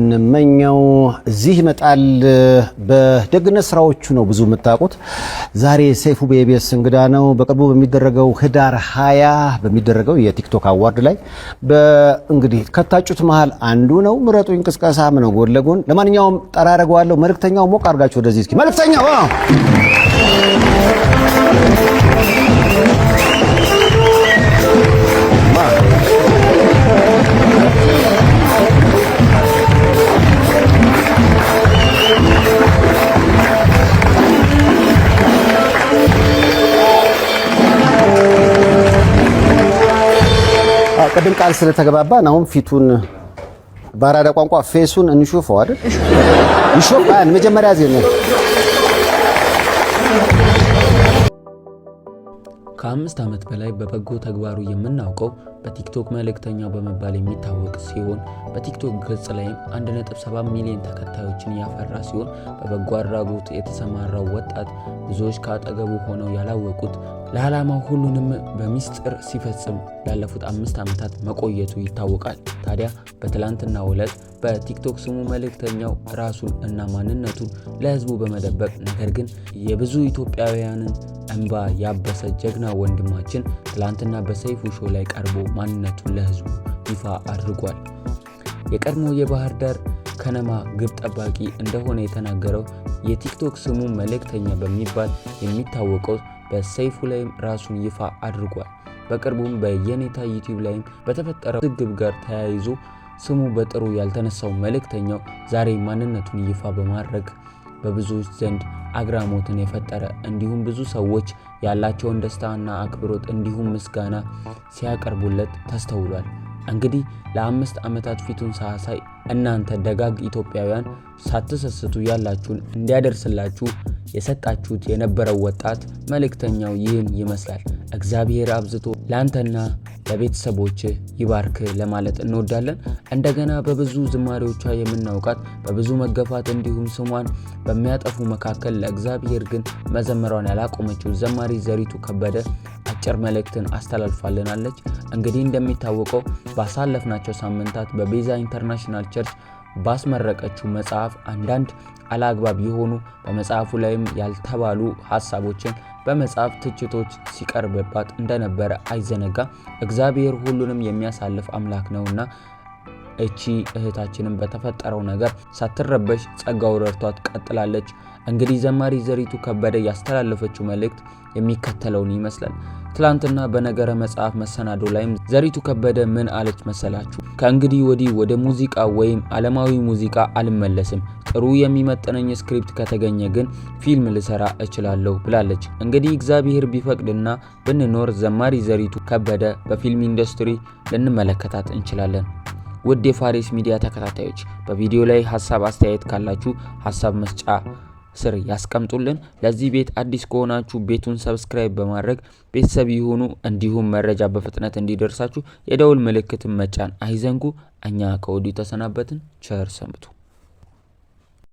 እንመኘው እዚህ ይመጣል። በደግነት ስራዎቹ ነው ብዙ የምታውቁት። ዛሬ ሰይፉ በኢቢኤስ እንግዳ ነው። በቅርቡ በሚደረገው ህዳር ሀያ በሚደረገው የቲክቶክ አዋርድ ላይ እንግዲህ ከታጩት መሃል አንዱ ነው። ምረጡ እንቅስቃሴ ነው ጎን ለጎን ለማንኛውም ጠራረገዋለሁ። መልእክተኛው ሞቅ አድርጋችሁ ወደዚህ እስኪ መልእክተኛው ቅድም ቃል ስለተገባባን አሁን ፊቱን በአራዳ ቋንቋ ፌሱን እንሹፈው አይደል? ይሾፋን መጀመሪያ ዜና ከአምስት ዓመት በላይ በበጎ ተግባሩ የምናውቀው በቲክቶክ መልእክተኛው በመባል የሚታወቅ ሲሆን በቲክቶክ ገጽ ላይም 1.7 ሚሊዮን ተከታዮችን ያፈራ ሲሆን በበጎ አድራጎት የተሰማራው ወጣት ብዙዎች ከአጠገቡ ሆነው ያላወቁት ለዓላማው ሁሉንም በሚስጥር ሲፈጽም ላለፉት አምስት ዓመታት መቆየቱ ይታወቃል። ታዲያ በትላንትና ዕለት በቲክቶክ ስሙ መልእክተኛው ራሱን እና ማንነቱን ለህዝቡ በመደበቅ ነገር ግን የብዙ ኢትዮጵያውያንን እንባ ያበሰ ጀግና ወንድማችን ትላንትና በሰይፉ ሾው ላይ ቀርቦ ማንነቱን ለህዝቡ ይፋ አድርጓል። የቀድሞ የባህር ዳር ከነማ ግብ ጠባቂ እንደሆነ የተናገረው የቲክቶክ ስሙ መልእክተኛ በሚባል የሚታወቀው በሰይፉ ላይም ራሱን ይፋ አድርጓል። በቅርቡም በየኔታ ዩቲዩብ ላይም በተፈጠረው ውዝግብ ጋር ተያይዞ ስሙ በጥሩ ያልተነሳው መልእክተኛው ዛሬ ማንነቱን ይፋ በማድረግ በብዙዎች ዘንድ አግራሞትን የፈጠረ እንዲሁም ብዙ ሰዎች ያላቸውን ደስታና አክብሮት እንዲሁም ምስጋና ሲያቀርቡለት ተስተውሏል። እንግዲህ ለአምስት ዓመታት ፊቱን ሳያሳይ እናንተ ደጋግ ኢትዮጵያውያን ሳትሰስቱ ያላችሁን እንዲያደርስላችሁ የሰጣችሁት የነበረው ወጣት መልእክተኛው ይህን ይመስላል። እግዚአብሔር አብዝቶ ለአንተና ለቤተሰቦች ይባርክ ለማለት እንወዳለን። እንደገና በብዙ ዝማሬዎቿ የምናውቃት በብዙ መገፋት እንዲሁም ስሟን በሚያጠፉ መካከል ለእግዚአብሔር ግን መዘመሯን ያላቆመችው ዘማሪ ዘሪቱ ከበደ አጭር መልእክትን አስተላልፋልናለች። እንግዲህ እንደሚታወቀው ባሳለፍናቸው ሳምንታት በቤዛ ኢንተርናሽናል ቸርች ባስመረቀችው መጽሐፍ አንዳንድ አላግባብ የሆኑ በመጽሐፉ ላይም ያልተባሉ ሀሳቦችን በመጽሐፍ ትችቶች ሲቀርብባት እንደነበረ አይዘነጋ እግዚአብሔር ሁሉንም የሚያሳልፍ አምላክ ነውና እቺ እህታችንን በተፈጠረው ነገር ሳትረበሽ ጸጋው ረድቷት ቀጥላለች። እንግዲህ ዘማሪ ዘሪቱ ከበደ ያስተላለፈችው መልእክት የሚከተለውን ይመስላል። ትላንትና በነገረ መጽሐፍ መሰናዶ ላይም ዘሪቱ ከበደ ምን አለች መሰላችሁ? ከእንግዲህ ወዲህ ወደ ሙዚቃ ወይም ዓለማዊ ሙዚቃ አልመለስም፣ ጥሩ የሚመጠነኝ ስክሪፕት ከተገኘ ግን ፊልም ልሰራ እችላለሁ ብላለች። እንግዲህ እግዚአብሔር ቢፈቅድና ብንኖር ዘማሪ ዘሪቱ ከበደ በፊልም ኢንዱስትሪ ልንመለከታት እንችላለን። ውድ የፋሪስ ሚዲያ ተከታታዮች በቪዲዮ ላይ ሀሳብ አስተያየት ካላችሁ ሀሳብ መስጫ ስር ያስቀምጡልን። ለዚህ ቤት አዲስ ከሆናችሁ ቤቱን ሰብስክራይብ በማድረግ ቤተሰብ ይሁኑ። እንዲሁም መረጃ በፍጥነት እንዲደርሳችሁ የደውል ምልክትን መጫን አይዘንጉ። እኛ ከወዲሁ ተሰናበትን። ቸር ሰንብቱ።